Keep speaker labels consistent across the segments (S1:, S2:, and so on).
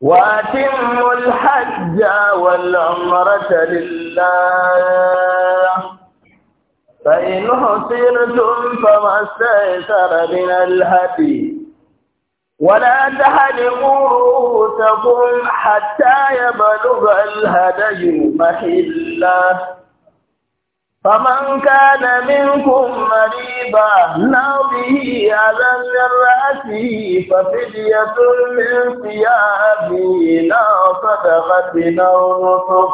S1: وأتموا الحج والعمرة لله فإن حصرتم فما استيسر من الهدي ولا تحلقوا رؤوسكم حتى يبلغ الهدي محله فمن كان منكم مريضا أو به على من ففدية من صيامه أو صدقة أو نصف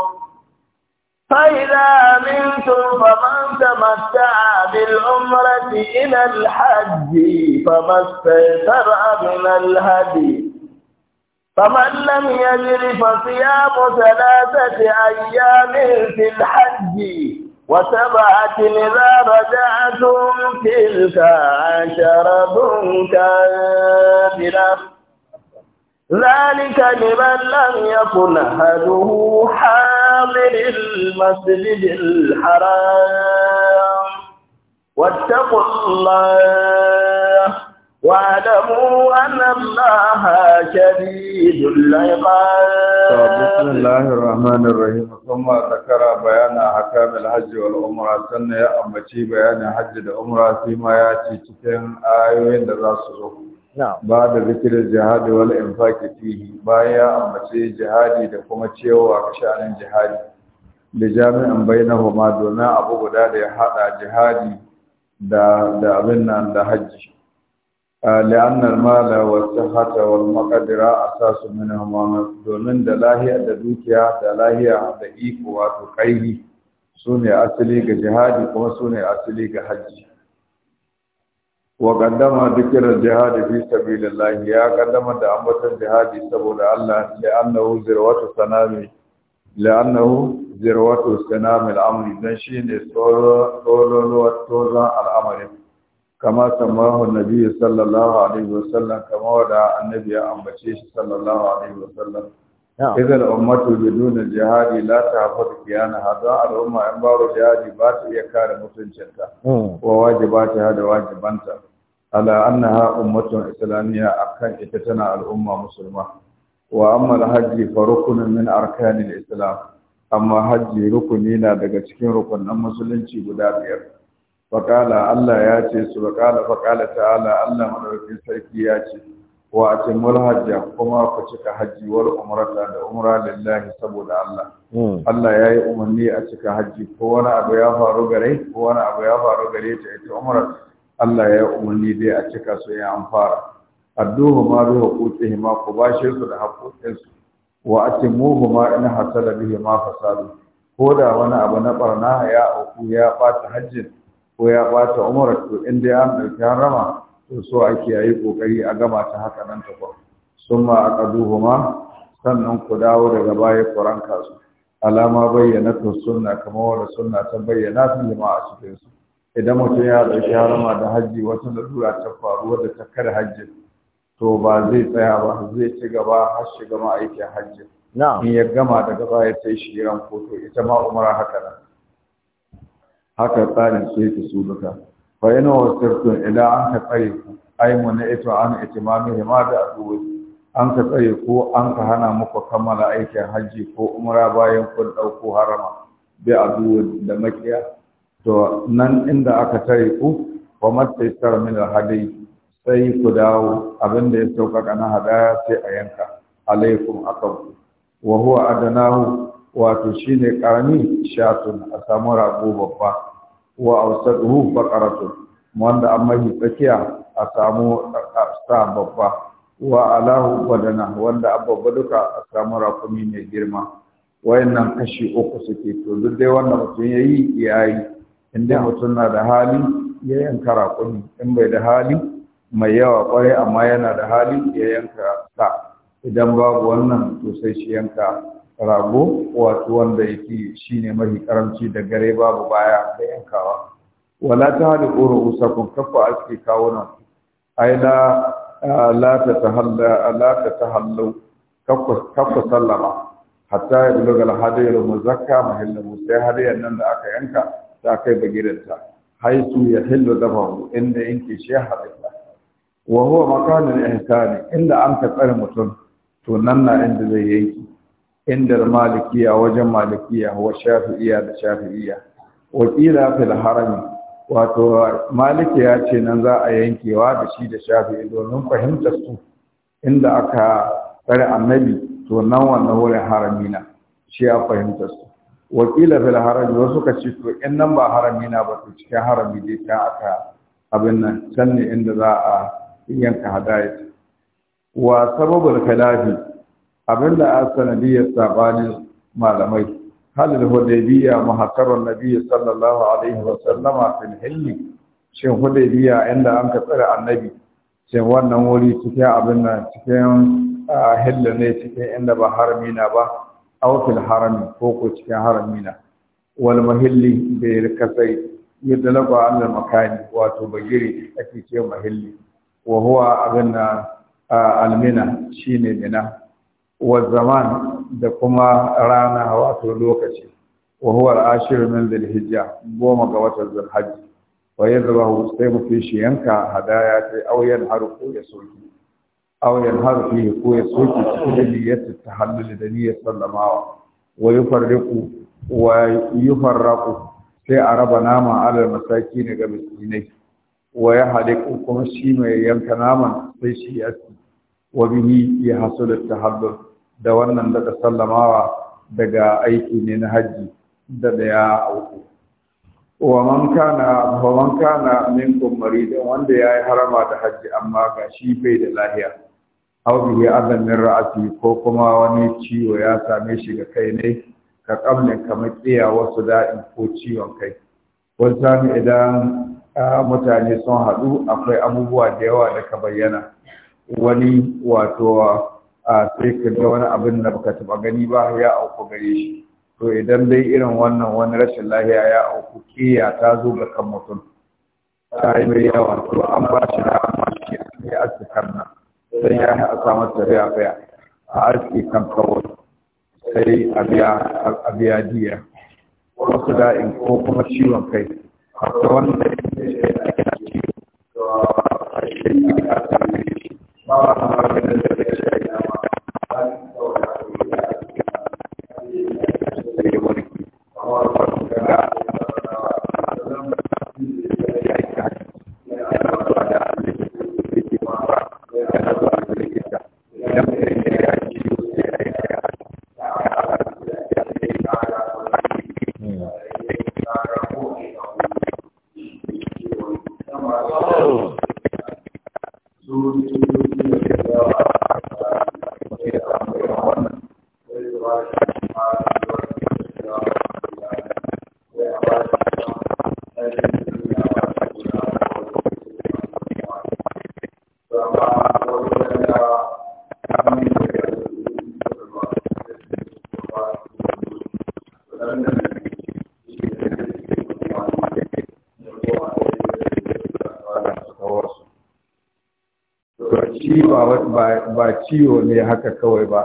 S1: فإذا منتم فمن تمتع بالعمرة إلى الحج فما استيسر من الهدي فمن لم يجر فصيام ثلاثة أيام في الحج وسبعة إذا رجعتم تلك عشرة كاملة ذلك لمن لم يكن أهله حاضر المسجد الحرام واتقوا الله واعلموا أن الله
S2: شديد العقاب بسم الله الرحمن الرحيم ثم ذكر بيان احكام الحج والعمره sannan ya ambaci bayanin hajji da umra sai ma ya cikin ayoyin da za su zo ba da al jihadi wal infaq fihi bayan ya ambaci jihadi da kuma cewa sha'anin jihadi da jami'an bainahuma domin abu guda da ya hada jihadi da da abin nan da hajji لأن المال والصحة والمقدرة أساس منهما domin da lahiya da dukiya da lahiya da iko wato kaihi su ne asali ga jihadi kuma su ne asali ga hajji wa kaddama dukkan jihadi fi sabilillah ya ƙaddamar da ambaton jihadi saboda Allah ya annahu zirwatu sanami la'annahu dan shine tsoro al'amarin kama samahu nabi sallallahu alaihi wasallam kama wada annabi ya ambace shi sallallahu alaihi wasallam idan ummatu bidun jihadi la tahfaz kiyana hada al'umma in baro jihadi ba ta iya kare mutuncinta wa wajibata da wajibanta ala annaha ummatun islamiyya akan ita tana al'umma musulma wa amma al-hajji fa min arkanil islam amma hajji rukuni na daga cikin rukunin musulunci guda biyar faƙala Allah ya ce su faƙala faƙala ta'ala Allah madaukakin sarki ya ce wa atimul hajja kuma ku cika haji wal umrata da umra lillahi saboda Allah hmm. Allah ya yi umarni a cika haji ko wani abu ya faru gare ko wani abu ya faru gare ta ita umra Allah ya yi umarni dai a cika su ya an fara adduhu ma ruhu qutihi ma ku bashe su da haƙoƙin su wa atimuhu ma in hasala bihi ma fasadu ko da wani abu na barna ya auku ya ɓata hajjin ko ya ɓata umar to in dai an ɗauki harama to so ake yi ƙoƙari a gama ta haka nan ta kwan sun ma sannan ku dawo daga baya kuran kasu alama bayyana to sunna kamar wanda sunna ta bayyana su lima a cikin su idan mutum ya ɗauki harama da hajji wata na dura ta faru wadda ta kar hajji to ba zai tsaya ba zai ci gaba har shiga ma'aikin hajji in ya gama daga baya sai shi ran to ita ma umara haka nan haka tsarin su yake su duka fa ina wasirtun ila an ka tsare ku ai mu na ito an itimami hima da aduwa an ka tsare ko an ka hana muku kammala aikin hajji ko umra bayan kun dauko harama bi aduwa da makiya to nan inda aka tare ku wa matsayitar min alhadai sai ku dawo abinda ya sauƙaƙa na hadaya sai a yanka alaikum akan wa huwa adanahu wato shine karami shatun a samu rago babba wa awsatuhu baqaratun wanda an mahi tsakiya a samu sa babba wa alahu badana wanda abba duka a samu rakumi mai girma wayannan kashi uku suke to duk dai wanda mutum ya yi ya yi in dai mutum na da hali ya yanka rakumi in bai da hali mai yawa kwarai amma yana da hali ya yanka sa idan babu wannan to sai shi yanka rago wato wanda yake ne mafi karamci da gare babu baya da yankawa wala ta hali ƙoro usakun kafa ake kawo nan ai la la ta tahalla la ta tahallu kafa sallama hatta ya buluga da muzakka mahallu sai hadiyar nan da aka yanka ta kai bagiranta haisu ya da dabahu inda yanke shi halitta wa huwa makanin ihsani inda an ka tsare mutum to nan na inda zai yanki indar malikiya wajen malikiya wa shafi'iya da shafi'iya wakila fil harami wato malikiya ce nan za a yankewa da shi da shafi'i domin fahimtar su inda aka tsare annabi to nan wannan wurin harami na shi ya fahimtar su wakila fil harami wasu ka ce to in nan ba harami na ba to cikin harami dai ta aka abin nan can ne inda za a yanka hadaya wa sababul kalafi abin da a sanadiyar sabanin malamai halin hudaybiya mahasarar Nabiya sallallahu alaihi wa sallama fil hilli shin hudaybiya inda an ka tsare annabi shin wannan wuri cikin abin nan cikin hilli ne cikin inda ba harami na ba aw harami ko ko cikin harami na wal mahilli bai kasai yadda lagwa Allah makani wato bagiri ake ce mahilli wa huwa abin na almina shine mina wa zaman da kuma rana wato lokaci wa huwa al-ashir min dhil-hijja goma ga watan zulhajj wa yadhbahu sai mutum shi yanka hadaya ta auyan harfu ya soki auyan harfi ko ya soki cikin niyyar tahallul da niyyar sallamawa wa yufarriqu wa yufarraqu sai a raba nama alal masaki daga miskinai wa ya haliku kuma shi mai yanka naman sai shi ya wa bihi ya hasu da tahallul da wannan daga sallamawa daga aiki ne na hajji da daya uku wa man kana wa man kana minkum marida wanda yi harama da hajji amma ga shi bai da lahiya Hau bihi adan min ko kuma wani ciwo ya same shi ga kai ne ka kamne kamar tsiya wasu da'in ko ciwon kai wani sami idan mutane sun haɗu akwai abubuwa da yawa da ka bayyana wani wato a sai ka ga wani abin da baka taba gani ba ya auku gare shi to idan dai irin wannan wani rashin lahiya ya auku kiya ta zo ga kan mutum ta yi mai yawa to an ba shi da an ba shi ya aski kanna sai ya yi a samar tafiya baya a aski kan kawai sai a biya diya wasu da'in ko kuma ciwon kai akwai wanda ya
S3: ce a ciwo ba a maganin da ya ce
S2: ciwo ne haka kawai ba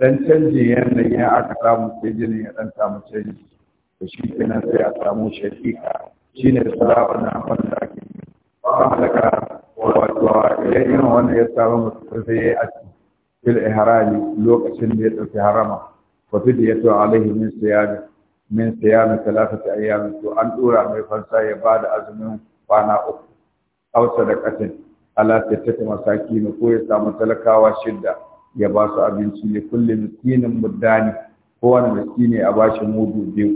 S2: dan eh, canjin yanayi ya aka samu sai jini ya dan samu canji to shi kenan sai a samu shafiƙa shi ne wani na da ake yi ba daga wato idan irin wannan ya samu masu sai ya yi aski fil harami lokacin da ya ɗauki harama da ya fidiyatu alaihi min siyami min siyami talatati ayyam to an ɗora mai fansa ya ba da azumin kwana uku da ƙasin ala masaki ne, ko ya samu talakawa shidda ya ba su abinci ne kullum miskinin muddani kowane miskini a bashi mudu biyu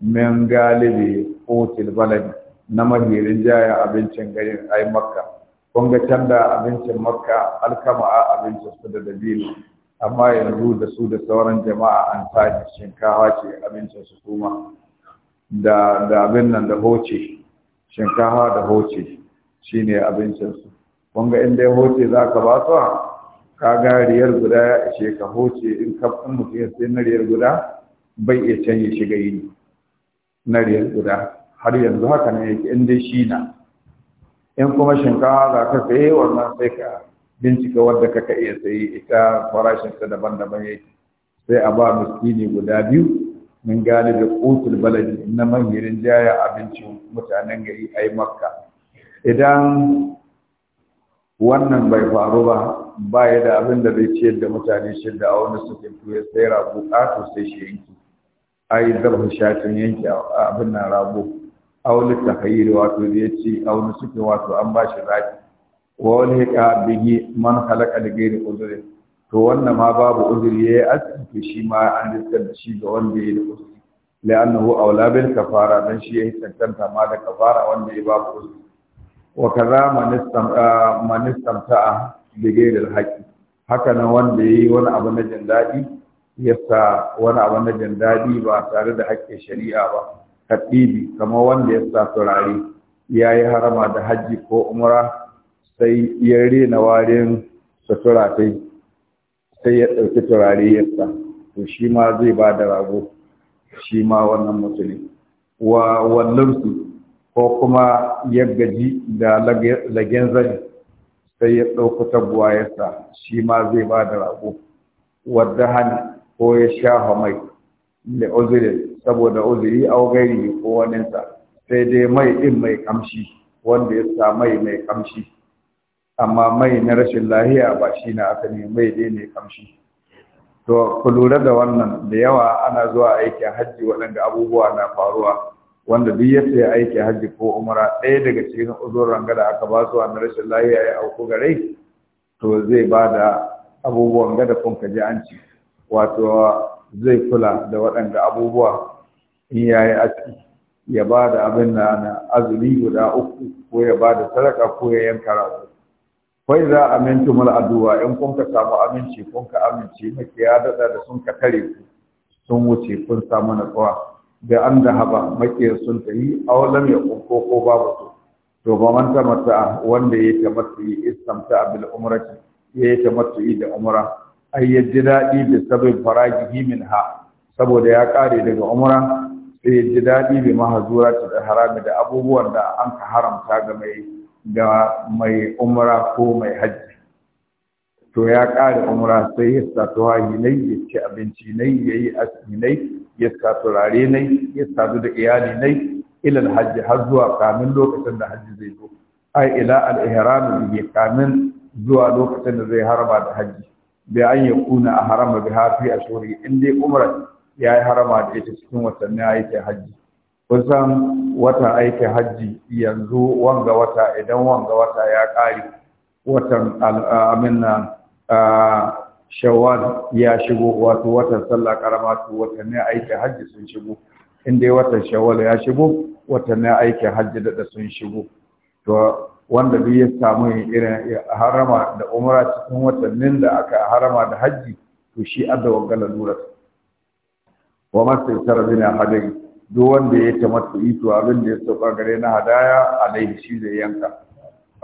S2: min galibi ko baladi na mahirin jaya abincin garin ai makka kun ga can da abincin makka alkama a abincin su da dabino amma yanzu da su da sauran jama'a an tashi shinkawa ce abincin su kuma da da abin nan da hoce shinkawa da hoce shine abincin su wanga in ya hoce za ka ba su ka ga riyar guda ya ishe ka hoce in ka in ya sai na riyar guda bai iya canye shiga yini na riyar guda har yanzu haka ne yake in shi na in kuma shinkawa za ka saye wannan sai ka bincika wadda kaka iya sayi ita farashinsa daban-daban yake sai a ba miskini guda biyu min galibi kutul baladi na mangirin jaya abincin mutanen gari ai makka idan wannan bai faru ba ba ya da abin da zai ciyar da mutane shidda a wani suke tuya sai rago ƙato sai shi yanki a yi zaba shatin yanki abin na rago a wani tahayiri wato ya ce a wani suke wato an ba shi zaki wa wani ya bigi man halaka da gairi uzuri to wannan ma babu uzuri ya yi asibiti shi ma an riskar da shi ga wanda ya yi da uzuri la'annahu aula bil kafara dan shi ya yi tantanta ma da kafara wanda ya babu uzuri wa kaza man istamta'a bi ghairi da haka nan wanda ya yi wani abu na jin ya sa wani abu na jin daɗi ba tare da haƙƙin shari'a ba Kaɗibi, kamar wanda ya yasa turare yi harama da hajji ko umra sai ya rena warin sutura sai sai ya ɗauki turare ya sa, to shi ma zai ba da rago shi ma wannan musulmi wa wallarsu ko kuma ya gaji da lagen zai sai ya ɗauki tabuwa ya shi ma zai ba da rago wadda hannu ko ya shafa mai da uzuri saboda uzuri a gairi ko waninsa sai dai mai ɗin mai kamshi wanda ya sa mai mai kamshi amma mai na rashin lahiya ba shi na aka mai dai mai kamshi to ku lura da wannan da yawa ana zuwa aikin hajji waɗanda abubuwa na faruwa wanda duk ya saya aiki hajji ko umara ɗaya daga cikin uzurin gada aka ba su na rashin lahiya ya auku gare to zai ba da abubuwan gada kun ka ji an ci wato zai kula da waɗanda abubuwa in ya yi aski ya ba da abin da na azumi guda uku ko ya ba da sadaka ko ya yanka rago kai za a mintu mul addu'a in kun ka samu aminci kun ka amince maki ya da sun ka tare ku sun wuce kun samu natsuwa da an da haba makiyar sun ta yi awalam ya kunko ko babu su to ba man tamatta wanda ya tamatta yi istamta bil umrati ya yi tamatta yi da umra ai yaji ji daɗi da sabin faragihi min ha saboda ya ƙare daga umra sai ya ji daɗi bi mahazura ta da harami da abubuwan da an ka haramta ga mai da mai umra ko mai hajji to ya ƙare umra sai ya sa tuwahi nai ya ci abinci nai ya yi asimi nai ya sa turare nai ya sadu da iyali nai ilal hajji har zuwa kamin lokacin da hajji zai zo ai ila al ihram bi kamin zuwa lokacin da zai harama da hajji bi an kuna a harama bi hafi shuri in dai umra ya yi harama da ita cikin watanni aikin hajji kusan wata aikin hajji yanzu wanga wata idan wanga wata ya ƙare watan Amina. shawwal ya shigo wato watan sallah karama to watannin aiki hajji sun shigo in watan shawwal ya shigo watanni aiki hajji da sun shigo to wanda duk ya samu irin harama da umra cikin watannin da aka harama da hajji to shi adda wanga lura wa mastaisara bin hadai duk wanda ya tamattu ito abin da ya sauka gare na hadaya alaihi shi zai yanka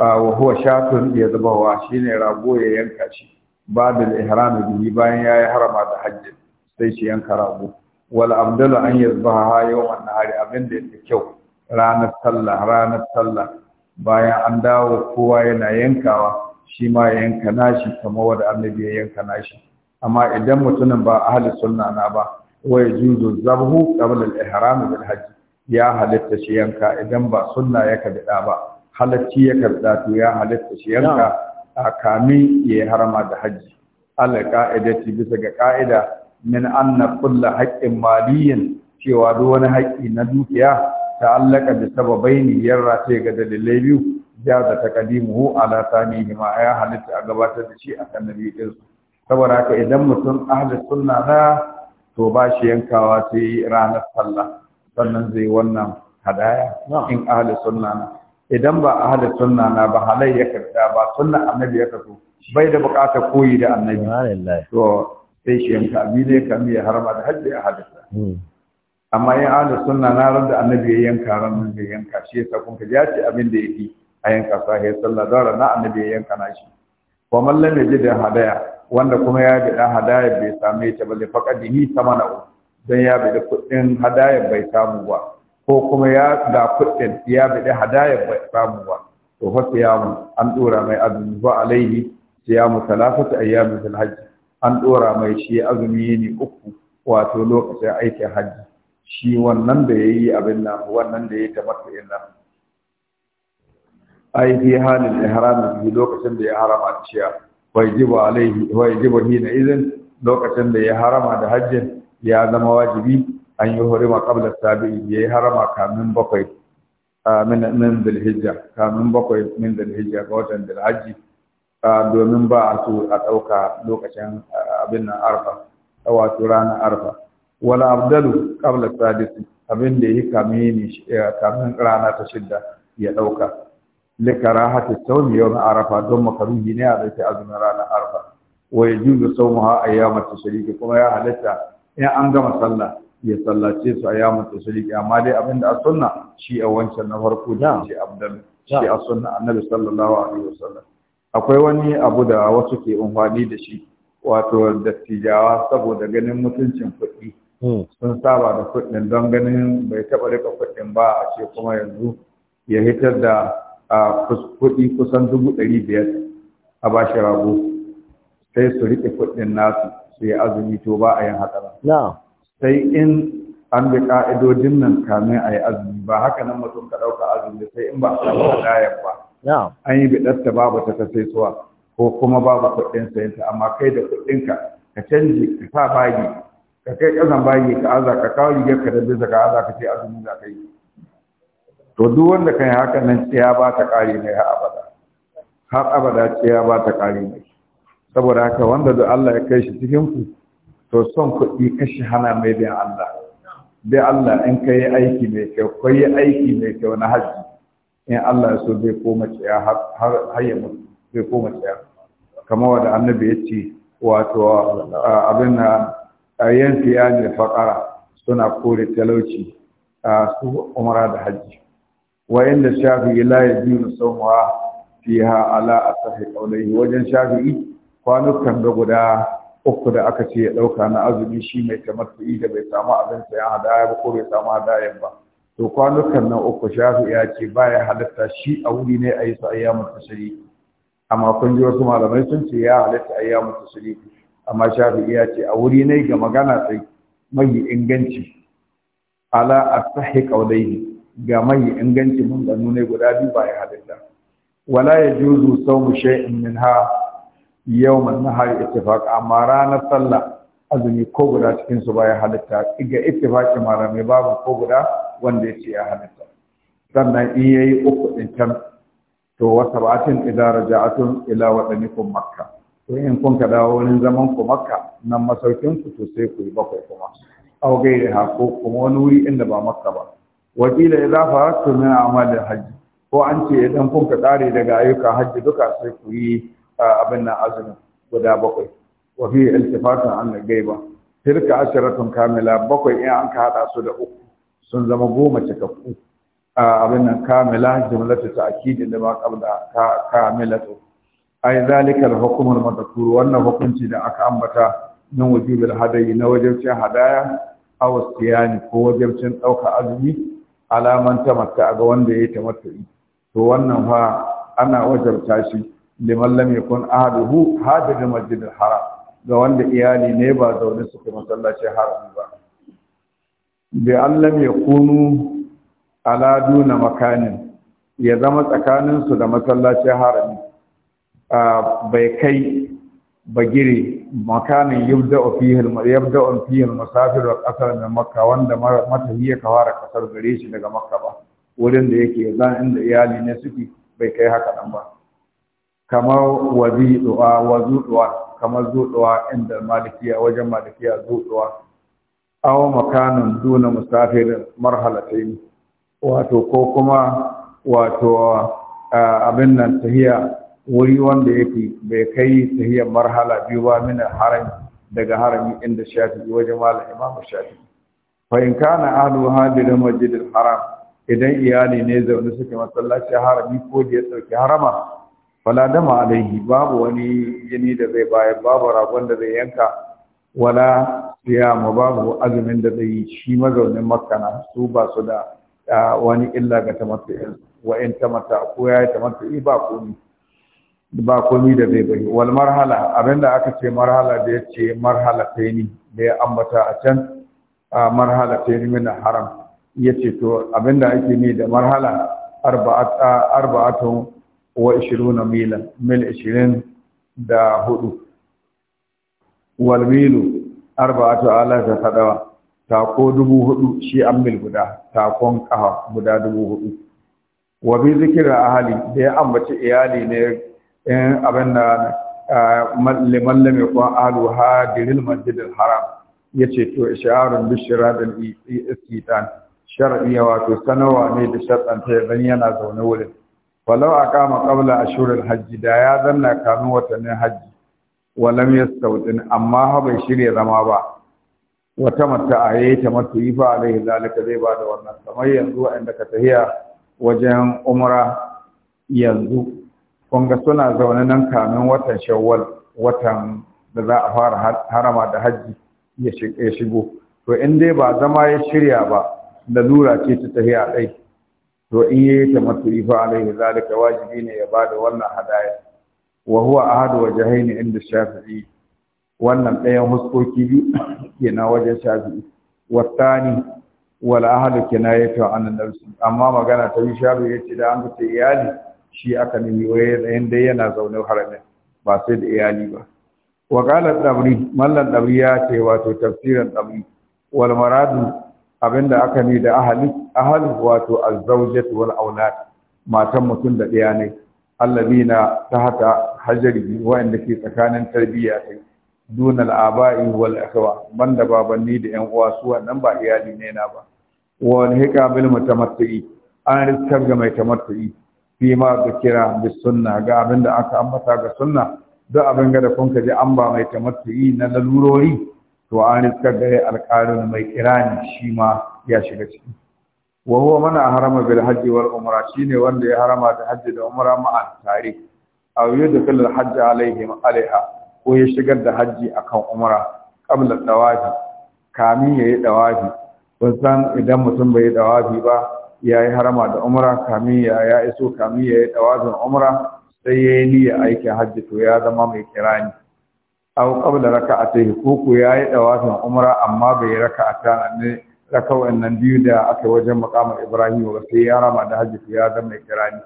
S2: wa huwa shatun ya zuba wa shine rago ya yanka shi ba da ihram bihi bayan yayi harama da hajji sai shi yanka rago wal abdalu an yazbaha yawman nahari abin da yake kyau ranar sallah ranar sallah bayan an dawo kowa yana yankawa shi ma ya yanka nashi kamar wanda annabi ya yanka nashi amma idan mutumin ba ahli sunna na ba wai yajuzu zabhu qabla al ihram bil hajj ya halitta shi yanka idan ba sunna ya bida ba halacci ya karɓa to ya halatta shi yanka a kami ya yi harama da hajji ala ce bisa ga ka'ida min anna kulla haƙƙin maliyin cewa duk wani haƙƙi na dukiya ta ta sababai ne yarra sai ga dalilai biyu ya da taqdimuhu ala sani ma ya halitta a gabatar da shi a akan nabi ɗinsu. saboda haka idan mutum ahli sunna na to ba shi yankawa sai ranar sallah sannan zai wannan hadaya in ahli sunna na idan ba a halin sunna na ba halai ya karta ba suna annabi ya kaso bai da bukatar koyi da annabi to sai shi yanka bi ne kami ya harba da hajji ahli hmm. amma in halin suna na ran da annabi ya yanka ran da yanka shi ya sakon ka ya ce abin da fi a yanka sahi sallah zara na annabi ya yanka na shi wa man lam hadaya wanda kuma ya bi hadaya bai same ta ba da faqadihi samana don ya bi da kudin hadaya bai samu ba ko kuma ya ga kuɗin ya bude hadaya ba samu ba to fa siyamu an dora mai azumi ba alaihi siyamu talafatu ayyamin fil hajj an dora mai shi azumi ne uku wato lokacin aikin hajji shi wannan da yayi abin nan wannan da yayi tamattu'in nan
S3: ai fi halin ihram bi lokacin da ya harama ciya wajibu alaihi wajibu hina idan
S2: lokacin da ya harama da hajjin ya zama wajibi an yi horima qabla sabi'i yayi harama kamin bakwai min min kamin bakwai min zulhijja ga watan zulhajji domin ba a so a ɗauka lokacin abin nan arfa wato ranar arfa wala abdalu qabla sadis abin da yi kamin kamin rana ta shidda ya ɗauka likarahati sawmi yawan arafa don makaruhi ne a dauke azumin ranar arfa wa yajuzu a ayyamat tashriq kuma ya halitta in an gama sallah ya sallace su a yamun riƙe amma dai abin da a sunna shi a wancan na farko da shi abdan shi a sunna annabi sallallahu alaihi wasallam akwai wani abu da wasu ke umfani da shi wato dattijawa saboda ganin mutuncin kuɗi hmm. sun saba da kuɗin don ganin bai taɓa rika kuɗin ba a ce kuma yanzu ya hitar da kuɗi kusan dubu ɗari biyar a ba shi rago sai su riƙe kuɗin nasu su yi azumi to ba a yin hatsara. sai in an bi ka'idodin nan kamin a yi azumi ba haka nan mutum ka ɗauka azumi sai in ba a samu hadayar ba an yi ta babu ta kasai suwa ko kuma babu kuɗin sayinta amma kai da kuɗinka ka canji ka sa bagi ka kai ƙazan bagi ka aza ka kawo rigar ka da bisa ka aza ka ce azumi za ka yi to duk wanda kan yi haka nan ciya ba ta ƙari mai har abada har abada ciya ba ta ƙari mai saboda haka wanda da Allah ya kai shi cikin ku to son kuɗi kashi hana mai bin Allah bi Allah in ka yi aiki mai kyau ka yi aiki mai kyau na hajji in Allah so bai koma tsaya har mutu bai koma tsaya kamar wanda annabi ya ce wato abin na yan fiya ne faƙara suna kore talauci a su umara da hajji wa inda shafi'i la yajibu sawma fiha ala asahi qawlihi wajen shafi'i kwanukan da guda uku da aka ce ya ɗauka na azumi shi mai tamattu'i da bai samu abin sayan hadaya ba ko bai samu hadaya ba to kwanukan nan uku shafi ya ce baya halitta shi a wuri ne a yi su ayyamun tashriqi amma kun ji wasu malamai sun ce ya halitta ayyamun tashriqi amma shafi ya ce a wuri ne ga magana sai mai inganci ala a sahi qawlayhi ga mai inganci mun ganu ne guda biyu baya halitta. wala yajuzu sawmu shay'in minha yawman hari ittifaq amma ranar sallah azumi ko guda cikin su baya halitta ga ittifaqi malamai babu ko guda wanda ya ce ya halitta sannan in yayi uku din can to wa sab'atin idza raja'atun ila wadanikum Makka. to in kun ka dawo wurin zaman ku makka nan masaukin ku to sai ku yi bakwai kuma aw gairi ha ko kuma wani wuri inda ba makka ba wakila idza faratu min a'malil hajj ko an ce idan kun ka kare daga ayyukan hajji duka sai ku yi abin nan azumin guda bakwai wa fi iltifatun an gaiba tilka asharatun kamila bakwai in an ka hada su da uku sun zama goma cikakku abin nan kamila jumlatu ta'kidin da ba qabla ka to ay zalika al hukmu al-madhkur wannan hukunci da aka ambata min al hadayi na wajibcin hadaya aw siyani ko wajibcin dauka azumi alaman tamatta ga wanda yayi tamattu'i to wannan fa ana wajarta shi liman lam yakun ahaduhu hadir masjid haram ga wanda iyali ne ba zaune suke masallaci haram ba bi an lam yakunu ala duna makanin ya zama tsakanin su da masallacin haram bai kai bagire makanin yabda fihi yabda fihi musafir wa qasar min makka wanda matahiya ka fara kasar gare shi daga makka ba wurin da yake zan inda iyali ne suke bai kai haka nan ba kamar wazi du'a wa zuduwa kamar zuduwa inda malikiya wajen malikiya zuduwa aw makanan duna musafir marhalatayn wato ko kuma wato abin nan tahiya wuri wanda yake bai kai tahiya marhala biyu ba min haram daga harami inda shafi wajen malam imam shafi fa in kana ahlu hadir masjidil haram idan iyali ne zaune suke masallaci harami ko da ya dauki harama wala dama alaihi babu wani jini da zai bayar babu ragon da zai yanka wala ma. babu azumin da zai yi shi mazaunin makka na su ba su da wani illa ga tamattu'in wa in tamatta ko ya yi tamattu'i ba komi ba komi da zai bari wal marhala abinda aka ce marhala da ya ce marhala ni da ya ambata a can marhala ni min haram ya ce to abinda ake ne da marhala arba'atun wa 20 milan mil ishirin da hudu wal milu arba'atu alafa kadawa tako dubu hudu shi an mil guda takon kaha guda dubu hudu wa bi zikira hali da ya ambaci iyali ne in abin da liman lam yakun ahlu hadiril masjidil haram yace to isharun bishra dal istitan shar'iyya wato sanawa ne da shar'anta dan yana zaune wurin falau a kama kabla a shirin hajji da ya zanna kanu watannin hajji walam ya sautin amma bai shirya zama ba wata mata a yi ta mata yi fa alaihi zalika zai ba da wannan kamar yanzu inda ka tahiya wajen umra yanzu kun suna zaune nan kamin watan shawwal watan da za a fara harama da hajji ya shigo to in dai ba zama ya shirya ba lura ce ta tahiya ɗai to in yayi tamattu'i fa alaihi zalika wajibi ne ya bada wannan hadaya wa huwa ahadu wajhain inda shafi'i wannan ɗayan huskoki biyu kenan wajen shafi'i tani wal ahadu kinayatu an nafsi amma magana ta yi shafi yace da an ce iyali shi aka nemi waye da inda yana zaune haramin ba sai da iyali ba wa qala dabri mallan dabri ya ce wato tafsirin dabri wal maradu abinda aka ni da ahali ahal wato azzawjatu wal aulad matan mutum da ɗaya ne allazina tahta hajari wa'anda ke tsakanin tarbiyya ta dun al-aba'i wal akhwa banda babanni da yan uwa su wannan ba iyali ne na ba wal hika bil mutamattili an riskar ga mai tamattu'i fi ma kira bis sunna ga abinda aka ambata ga sunna duk abin ga da kun ka ji an ba mai tamattu'i na lalurori to an iskar da alƙarin mai kirani shi ma ya shiga ciki wa mana man harama bil hajji wal umra shine wanda ya harama da hajji da umra ma'an tare aw yudkhil al hajj alaihim alaiha ko ya shigar da hajji akan umra qabla tawafi kamin yayi tawafi san idan mutum bai yi tawafi ba ya yi harama da umra kamin ya ya iso kamin ya yi tawafin umra sai ya yi niyyar aikin hajji to ya zama mai kirani aw qabla raka'atayhi ko ku yayi dawafin umra amma bai raka'ata ne raka'o'in nan biyu da aka wajen maqamar Ibrahim wa sai ya rama da hajji ya zama kirani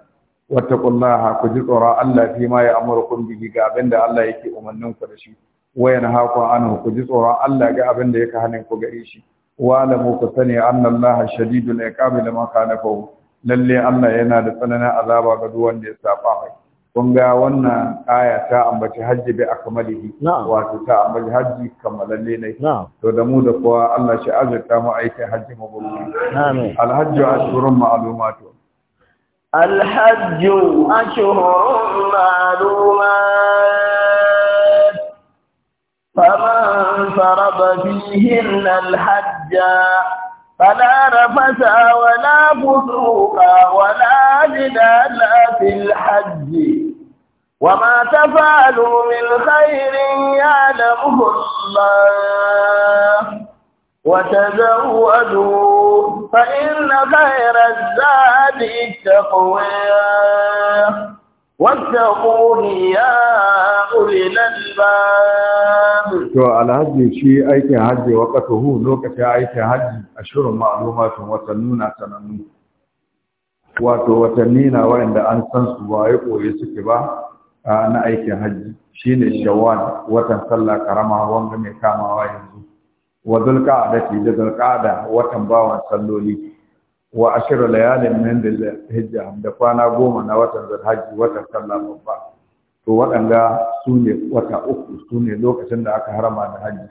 S2: wattaqullaha ku ji tsoron Allah fi ma ya'murukum bihi ga abinda Allah yake umarnin ku da shi wa yanhaaku anhu ku ji tsoro Allah ga abinda yake hanin ku gare shi wa alamu ku sani anna Allah shadidul iqabi lama kana lalle Allah yana da tsananin azaba ga duk wanda ya saba mai kun ga wannan aya ta ambaci hajji bi akmalihi wato ta ambaci hajji kammalalle ne to da mu da kowa Allah shi azurta mu aikin hajji mabrur amin alhajju shirin ma'lumatu
S1: الحج أشهر معلومات فمن فرض فيهن الحج فلا رفث ولا فسوق ولا جدال في الحج وما تفعلوا من خير يعلمه الله وتزودوا فإن خير الزاد التقوى واتقون يا أولي الألباب.
S2: To alhaji shi aikin hajji waƙatuhu lokacin aikin hajji a shirin ma'alumatun watanni na sanannu. Wato watanni na waɗanda an san su ba ya koye suke ba, na aikin hajji shine shawar watan sallah karama wanda mai kamawa yanzu wa zulqa'adati da da watan bawan salloli wa ashiru layalin min da hijja da kwana goma na watan zulhajji watan sallah babba to waɗanda su ne wata uku su ne lokacin da aka harama da hajji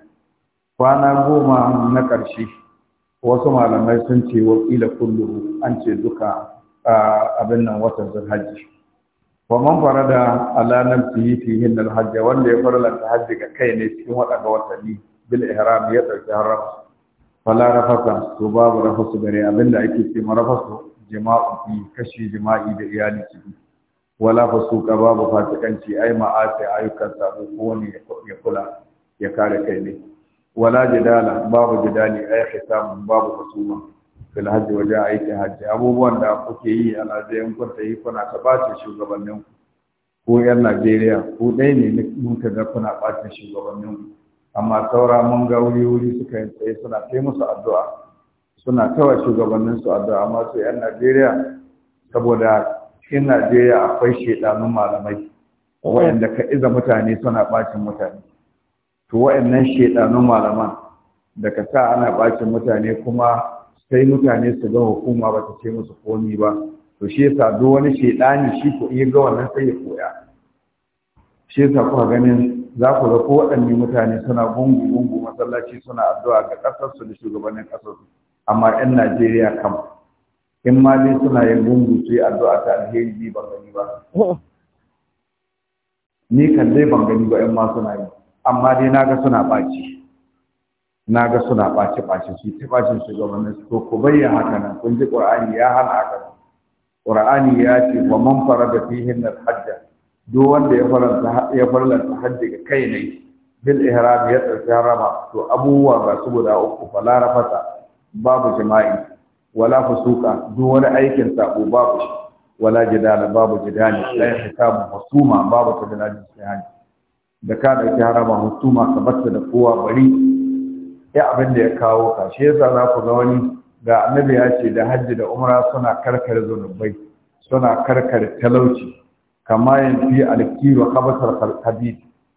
S2: kwana goma na ƙarshe wasu malamai sun ce wakila kullum an ce duka abin nan watan zulhajji wa man farada ala nafsihi fihi al-hajj wanda ya farlanta hajji ga kai ne cikin waɗanda watanni bil ihram ya dauki harama fala rafasa to babu rafasu gare abinda ake ce marafasu jima'u fi kashi jima'i da iyali ciki wala fasuka babu fasikanci ai ma'asi ayyukan sabo ko wani ya kula ya kare kai ne wala jidala babu jidali ai hisamun babu husuma fil hajji waje aiki hajji abubuwan da kuke yi a nazarin kun ta yi kuna ta bace shugabannin ku ko yan najeriya ko ɗaya ne mun ka ga kuna bace shugabannin ku amma saura mun ga wuri wuri suka yi tsaye suna kai musu addu'a suna kawai shugabannin su addu'a amma su yan najeriya saboda cikin najeriya akwai shaidanun malamai waɗanda ka iza mutane suna ɓacin mutane to waɗannan shaidanun malaman da ka sa ana ɓacin mutane kuma sai mutane su ga hukuma ba ta ce musu komi ba to shi yasa duk wani shedani shi ko iya ga wannan sai ya koya shi yasa kuka ganin za ku ga ko waɗanne mutane suna gungu gungu masallaci suna addu'a ga ƙasar su da shugabannin ƙasar su amma 'yan Najeriya kam in ma dai suna yin gungu su yi addu'a ta alheri ni ban gani ba ni kan dai ban gani ba in ma suna yi amma dai naga suna ɓaci na ga suna ɓace ɓace su ta ɓacin shugabannin su to ku bayyana haka nan kun ji ya hana haka Ƙur'ani ya ce wa man farada fihin al-hajja duk wanda ya faranta ya faranta hajji ga kai ne bil ihram ya tsarki harama to abubuwa ga su guda uku fala rafata babu jima'i wala fusuka duk wani aikin sabo babu shi wala jidala babu jidali la hisabu husuma babu tadalaji sai da ka dauki harama husuma ka batta da kowa bari ya abin da ya kawo ka shi yasa za ku ga wani ga annabi ya ce da hajji da umra suna karkar zunubai suna karkar talauci kama yin fi alkiru habasar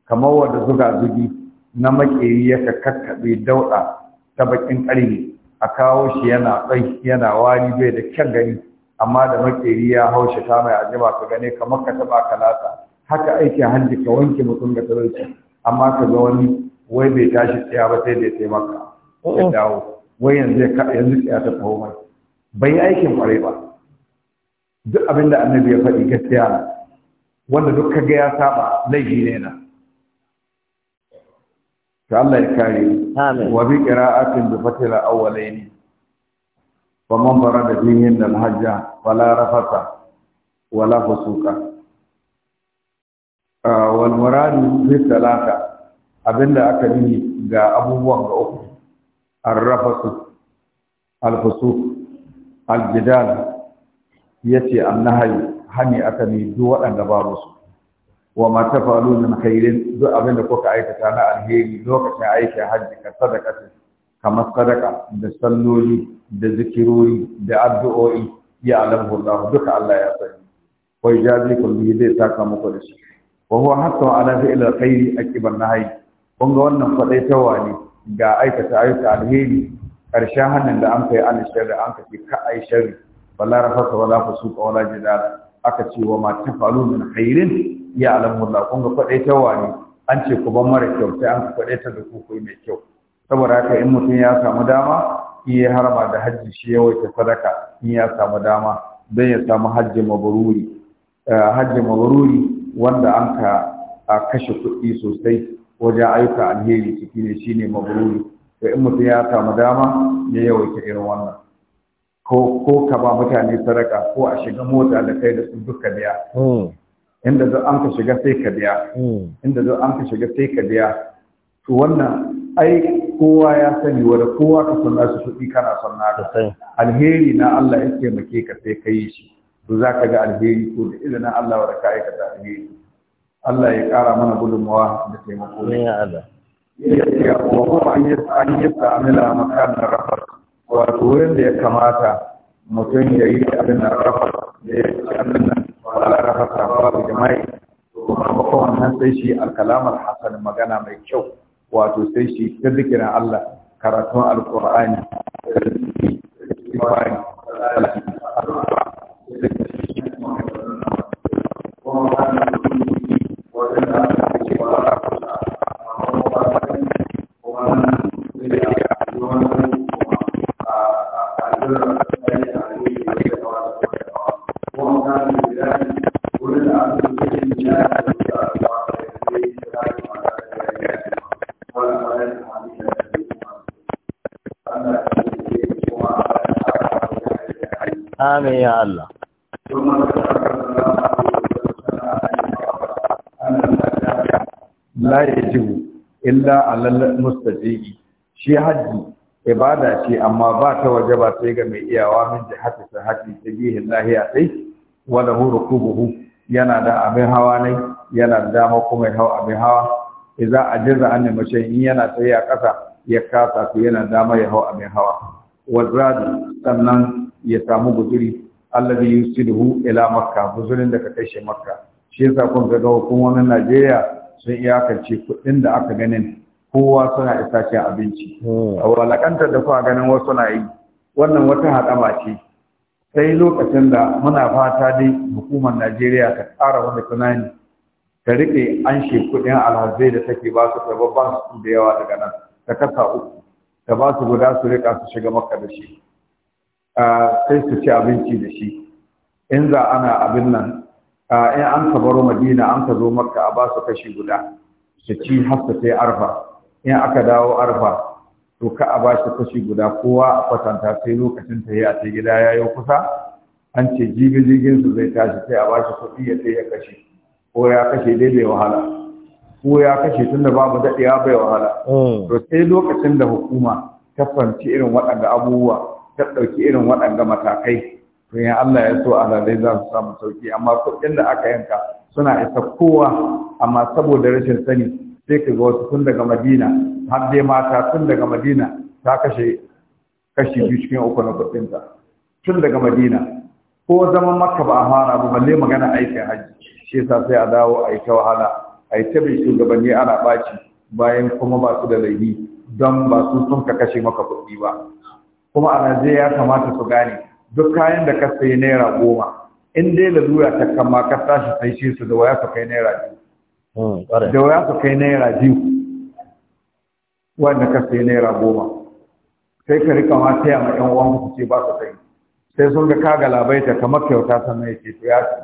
S2: kamar wanda zuga zugi na makeri yaka kakkabe dauɗa ta bakin ƙarni a kawo shi yana tsai yana wari bai da kyan gani amma da makeri ya shi ta mai ajiba ka gane kamar ka taba kalata, haka aikin hajji ka wanke mutum da talauci amma ka ga wani wai bai tashi tsaya ba sai da ya taimaka ya dawo wai yanzu ya yanzu tsaya ta kawo mai bai yi aikin kwarai ba duk abin da annabi ya faɗi gaskiya na wanda duk ga ya saba laifi ne na ta Allah ya kare amin wa bi qira'atin bi fatil awwalaini wa man barada fihi al hajja fala rafata wala fusuka ah, wal muradu fi salata abinda aka yi ga abubuwan ga uku arrafasu alfusu aljidal yace annahi hani aka yi duk waɗanda ba su wa ma tafalu min khairin duk abinda kuka aikata na alheri lokacin aikin hajji ka sadaka kamar sadaka da salloli da zikirori da addu'o'i ya alamu Allah duka Allah ya sani wai ijabi kulli zai saka muku da shi wa huwa hatta ala fi'l alkhairi akiban Kunga wannan wannan ta ne ga aikata ayyuka alheri ƙarshen hannun da an kai an sharri an ka ce ka ai sharri wala rafaka wala fusuka wala jidal aka ce wa ma tafalu min khairin ya alamu Allah kunga ga ta ne an ce ku ban mara kyau sai an ta da ku kai mai kyau saboda haka in mutum ya samu dama in ya harama da hajji shi ya wace sadaka in ya samu dama don ya samu hajji mabaruri eh, hajji mabaruri wanda an ka kashe kuɗi sosai wajen ayyuka alheri ciki ne shi ne mabururi. da in mutum ya samu dama ya yawaita irin wannan ko ka ba mutane sadaka ko a shiga mota da kai da su duka biya hmm. inda zo an ka shiga sai ka biya hmm. inda zo an ka shiga sai ka biya to wannan ai kowa ya sani wanda kowa ka sanna su kuɗi kana son ka. alheri na Allah ya taimake ka sai ka yi shi to za ka ga alheri ko da izinin Allah wanda ka aikata alheri
S3: Allah ya ƙara mana gudunmawa da taimako.
S2: Wa kuma an yi an yi amila makan na rafar wato wurin da ya kamata mutum ya yi abin na rafar da ya ci abin nan wala rafar ta babu jama'i kuma kuma wannan sai shi alkalamar hasan magana mai kyau wato sai shi ta zikirin Allah karatun alkur'ani ya Allah la yajibu illa alal mustajibi shi haji ibada ce amma ba ta waje ba sai ga mai iyawa min jihati sahati tabihi lahiya sai wa lahu rukubuhu yana da abin hawa ne yana da dama kuma hau abin hawa a jirza an shi in yana tsaye a ya kasa su yana dama ya hau abin hawa wazrad sannan ya samu guduri alladhi yusiduhu ila makka buzurin da ka kai shi makka shi yasa kun ga hukumomin Najeriya sun iyakance kuɗin da aka ganin kowa suna isa cin abinci hmm. a walakantar da kuwa ganin wasu na yi wannan wata haɗama ce sai lokacin da muna fata dai hukumar Najeriya ta ƙara wani tunani ta riƙe an shi kuɗin alhazai da take ba su ta su da yawa daga nan ta kasa uku ta ba su guda su riƙa su shiga makka da shi sai su ci abinci da shi in za ana abin nan in an ka baro madina an ka zo makka a ba su kashi guda su ci hasta sai arfa in aka dawo arfa to ka a ba shi kashi guda kowa a kwatanta sai lokacin ta a ta gida ya yi kusa an ce jibi jirgin su zai tashi sai a ba shi kuɗi ya sai ya kashe ko ya kashe dai wahala ko ya kashe tun da babu daɗewa bai wahala. Mm. To sai lokacin da hukuma ta fahimci irin waɗanda abubuwa ta ɗauki irin waɗanda matakai to yin Allah ya so alalai za su samu sauki amma kuɗin da aka yanka suna isa kowa amma saboda rashin sani sai ka ga wasu tun daga Madina har dai mata tun daga Madina ta kashe kashi biyu cikin uku na kuɗinta tun daga Madina ko zaman Makka ba a fara ba balle magana aikin hajji shi yasa sai a dawo a yi ta wahala a yi ta bin shugabanni ana ɓaci bayan kuma ba su da laifi don ba su sun ka kashe maka kuɗi ba kuma a Najeriya ya kamata su gane duk kayan da ka sayi naira goma in dai zuwa ta kama ka tashi sai shi su da waya su kai naira biyu hmm, da waya su kai naira biyu wanda ka sayi naira goma sai ka rika ma taya ma ƴan uwan ku ce ba su kai sai sun ga ka ta kamar kyauta sannan ya ce to ya ce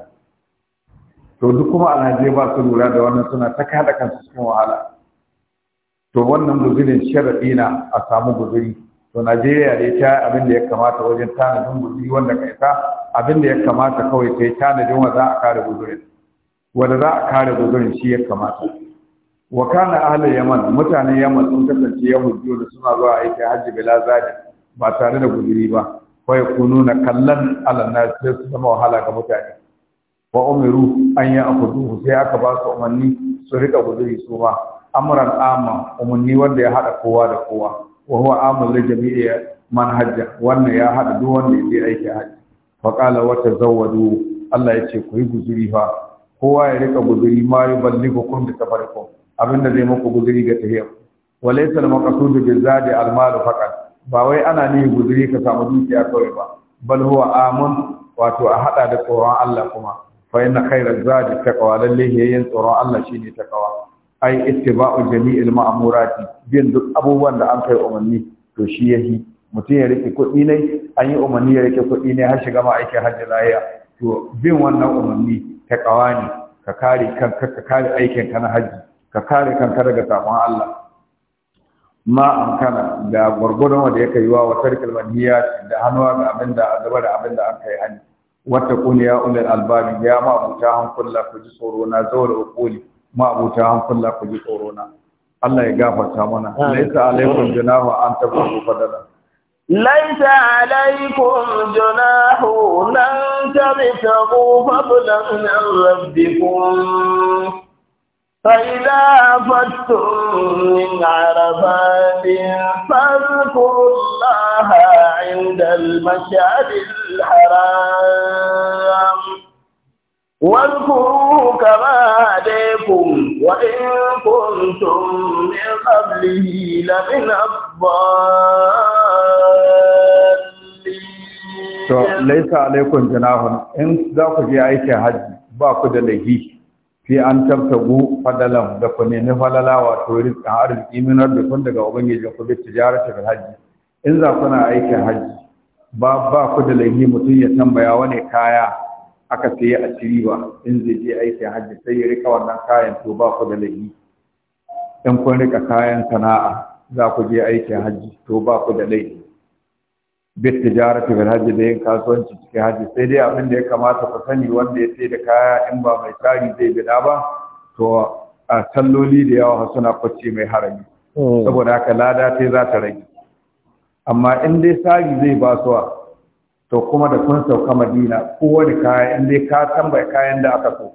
S2: to duk kuma a Najeriya ba su lura da wannan suna ta kada kansu cikin wahala to wannan guzurin sharaɗi na a samu guzuri to Najeriya dai ta abin da ya kamata wajen tanadin guzuri wanda ka isa abin da ya kamata kawai ta yi tanadin wa za a kare guzurin wanda za a kare guzurin shi ya kamata wa kana ahli yaman mutanen yaman sun kasance yahudiyo da suna zuwa aiki hajji bila zaji ba tare da guzuri ba fa kununa kallan ala sai su zama wahala ga mutane wa umiru an ya akuduhu sai aka ba su umarni su rika guzuri su ba amran Ama umarni wanda ya haɗa kowa da kowa wa huwa amul li jami'i man hajja wannan ya hada duk wanda yake aiki haji. fa qala wa tazawwadu Allah yace ku yi guzuri fa kowa ya rika guzuri ma yuballighukum bi ko. abinda zai muku guzuri ga tahiyya wa laysa al maqsud bi zadi al mal faqat ba wai ana ne guzuri ka samu dukiya kawai ba bal huwa amun wato a hada da tsoron Allah kuma fa inna khairaz zadi taqwa lallai yayin tsoron Allah shine taqwa ai ittiba'u jami'il ma'murati bin duk abubuwan da an kai umarni to shi yahi mutum ya rike kuɗi ne an yi umarni ya rike kuɗi ne har shiga ma'aikin hajji lahiya to bin wannan umarni ta kawa ka kare kanka ka kare aikin ka na hajji ka kare kanka daga sakon Allah ma amkana da gwargwadon da ya kai wa wa tarkil da hannuwa ga abin da gaba da abin da an kai hani wata kuniya ya ulil albabi ya ma abuta hankula ku ji tsoro na zawar ukuli ma'abuta an kulla ku ji tsoro na Allah ya gafarta mana laisa alaikum junahu an tabbu fadala
S1: laisa alaikum junahu lan tabtagu fadlan min rabbikum فإذا أفدتم من عرفات فاذكروا الله عند المشعر الحرام واذكروا كما هديكم وإن كنتم من قبله لمن الضالين
S3: to laisa
S2: alaikum janahun in za ku je aikin hajji ba ku da laifi sai an tabtagu fadalan da ku nemi falala wato rizqin arziki minar da kun daga ubangiji ku bi tijarata bil hajji in za kuna aikin hajji ba ba ku da laifi mutum ya tambaya wani kaya aka sayi a ciriwa in zai je aikin hajji sai ya rika wannan kayan to ba ku da laifi in kun rika kayan sana'a za ku je aikin hajji to ba ku da laifi bit tijarati bil hajji da yin kasuwanci cikin hajji sai dai abin da ya kamata ku sani wanda ya sai da kaya in ba mai tsari zai bida ba to a salloli da yawa suna kwace mai harami hmm. saboda haka lada ta za ta rage amma in dai tsari zai basuwa to kuma da kun sauka madina ko kaya in dai ka tambaya kayan da aka so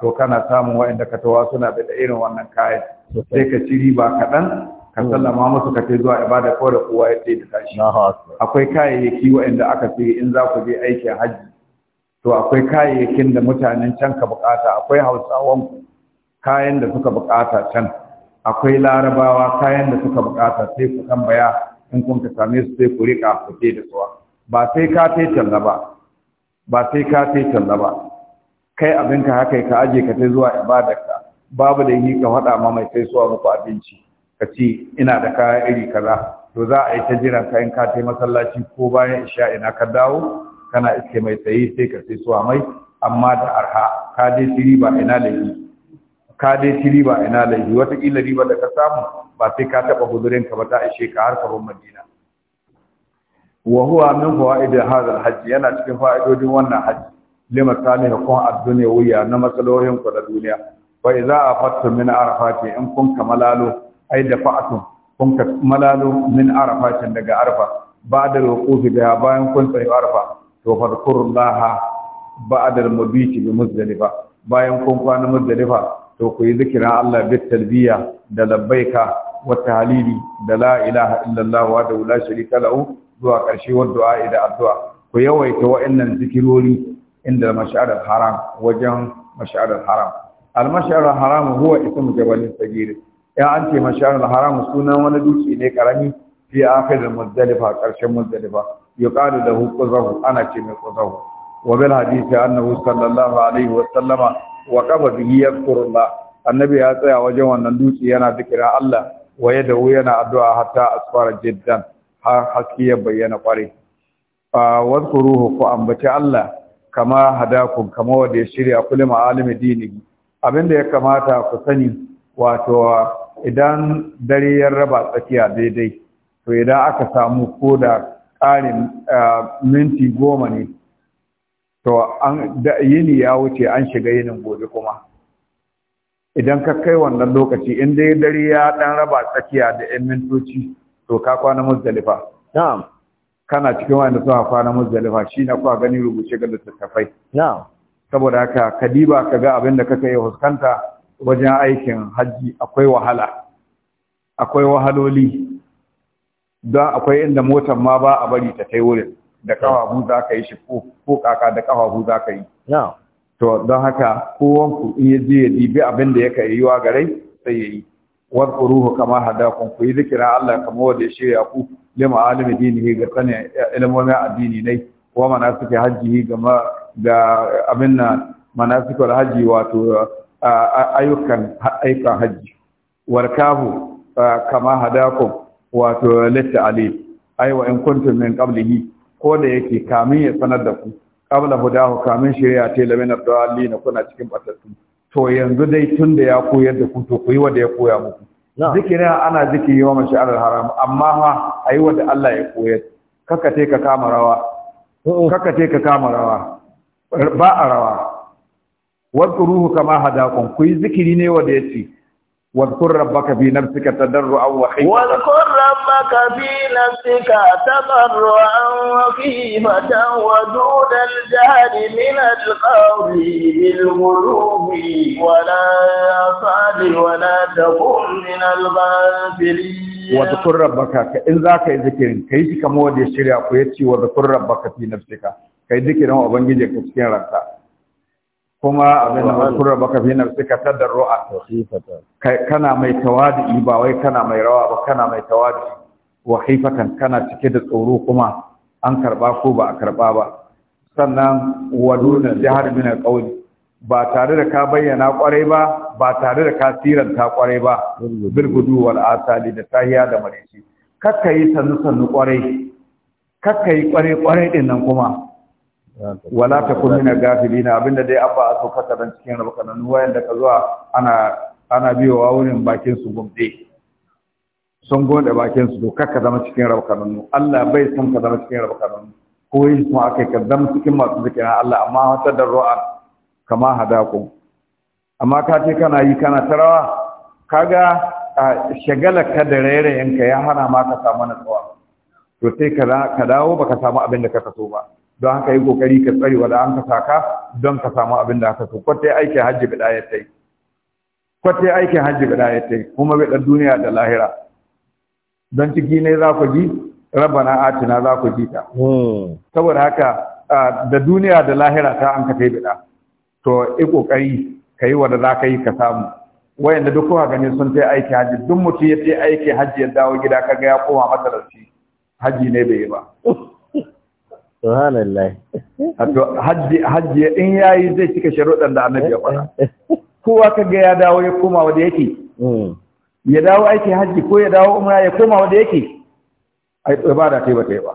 S2: to kana samun waɗanda ka tawa suna da irin wannan kayan sai ka ci riba kaɗan ka sallama musu ka kai zuwa ibada ko da kowa ya ce da tashi akwai kayayyaki waɗanda aka ce in za ku je aikin hajji to akwai kayayyakin da mutanen can ka bukata akwai hausawan kayan da suka bukata can akwai larabawa kayan da suka bukata sai ku tambaya in kun ka same su sai ku rika ku da suwa ba sai ka tai ba ba sai ka tai ba kai abinka haka ka aje ka tai zuwa ibadarka babu da yi ka faɗa ma mai sai suwa muku abinci ka ce ina da kaya iri kaza to za a yi ta jiran ka in ka tai masallaci ko bayan isha ina ka dawo kana iske mai tsayi sai ka sai suwa mai amma da arha ka dai ci riba ina yi. ka dai ci riba ina yi. wataƙila riba da ka samu ba sai ka taɓa guzurin ka ba ta ishe ka har ka madina wa huwa min fawaidil hadal hajj yana cikin fa'idodin wannan hajji lima salihu kun ad-dunya na masalohin ku da duniya fa idza afattum min arafati in kun kamalalo ai da kun kamalalo min arafatin daga arfa ba'da al-wuquf da bayan kun tsayi arfa to fadkurullaha ba'da al-mabiti bi muzdalifa bayan kun kwana muzdalifa to ku yi zikirin Allah bi talbiya da labbaika wa tahlili da la ilaha illallah wa la sharika lahu zuwa ƙarshe wa du'a da addu'a ku yawaita wa'annan zikirori inda mash'arul haram wajen mash'arul haram al mash'arul haram huwa ismu jabalin sagir ya an ce mash'arul haram sunan wani duki ne karami fi akhir muzdalifa ƙarshen muzdalifa yuqalu lahu quzahu ana ce mai quzahu wa bil hadisi annahu sallallahu alaihi wa sallama wa qaba bihi yadhkurullah annabi ya tsaya wajen wannan dutse yana zikira Allah wa yadawu yana addu'a hatta asfara jiddan har haske ya bayyana kwarai a ruhu ku ambaci Allah kama hadakun kama wadda ya shirya kulli ma'alimi dini abinda ya kamata ku sani wato idan dare ya raba tsakiya daidai to idan aka samu ko da ƙarin minti goma ne to an yini ya wuce an shiga yinin gobe kuma idan ka kai wannan lokaci in dai dare ya ɗan raba tsakiya da 'yan mintoci to ka kwana muzdalifa na'am kana cikin wanda suka kwana muzdalifa shi na kwa gani rubuce ga littattafai na'am saboda haka ka diba ka ga abin da kaka yi huskanta wajen aikin hajji akwai wahala akwai wahaloli don akwai inda motar ma ba a bari ta kai wurin da kafafu za ka yi shi ko kaka da mu za ka yi to don haka kowanku in ya je ya dibi abin da ya ka yi wa garai sai ya yi wadkuruhu kama hadakum ku yi zikira Allah kama wanda ya shirya ku lima alimi dinihi ga ilmomi a addini ne wa manasiki hajji gama ga abin na manasikul hajji wato ayyukan aikan hajji warkahu kama hadakum wato litta ali aiwa in kuntum min qablihi ko da yake kamin ya sanar da ku qabla hudahu kamin shirya ta lamina dawali na kuna cikin batattu to yanzu dai tun da ya koyar da ku to ku yi wanda ya koya muku zikirin ana zikiri wa mashi alal haram amma ha a yi wanda Allah ya koyar kaka ka kama rawa uh-uh. kaka te ka kama rawa ba a rawa wadkuruhu kama hadakun ku yi zikiri ne wanda ya ce واذكر ربك في نفسك تضرعا وخيفة واذكر ربك في نفسك تضرعا وخيفة
S1: ودون الجهل من القول بالغلوب ولا يصال ولا تكن من
S2: الغافلين واذكر ربك إن ذاك ذكر كيف كمود يشريع كويتي واذكر ربك في نفسك كي ذكر هو أبنجي جيك سكين ربك kuma abin da mai kurra baka fi nafsi ka taddar ru'a kana mai tawadi ba wai kana mai rawa ba kana mai tawadi wa khifatan kana cike da tsoro kuma an karba ko ba a karba ba sannan waduna jihar min alqawli ba tare da ka bayyana kwarai ba ba tare da ka siranta kwarai ba birgudu guduwar wal asali da tahiya da marici kakka yi sannu sannu kwarai kakka kwarai kwarai din nan kuma wala ta kun mina gafili na abinda dai abba a sauka ta dan cikin rabu kanan wayan da ka zuwa ana ana a wurin bakin su gumbe sun gode bakin su to kakka zama cikin rabu kanan Allah bai son ka zama cikin rabu kanan ko yin su aka ka zama cikin masu zikira Allah amma wata da ru'a kama hadakum amma ka ce kana yi kana tarawa kaga shagala ka da yanka ya hana ma ka samu natsuwa to sai ka dawo baka samu abin da ka kaso ba don haka yi kokari ka tsare da an ka saka don ka samu abin da aka so kwatai aikin hajji bi daya tai kwatai aikin hajji bi daya tai kuma bi dan duniya da lahira don ciki ne za ku ji rabbana atina za ku ji ta hmm. saboda haka da duniya da lahira ta an ka kai bi da to yi kokari ka yi wanda za ka yi ka samu wayanda duk kowa gani sun ta aiki hajji duk mutum ya ta aiki hajji ya dawo gida kaga ya koma masalarci hajji ne bai yi ba subhanallah wato hajji hajji in yayi zai cika sharuɗan da annabi ya faɗa kowa kaga ya dawo ya koma wanda yake hmm. ya dawo aiki hajji ko ya dawo umra ya koma wanda yake ai ibada kai ba kai ba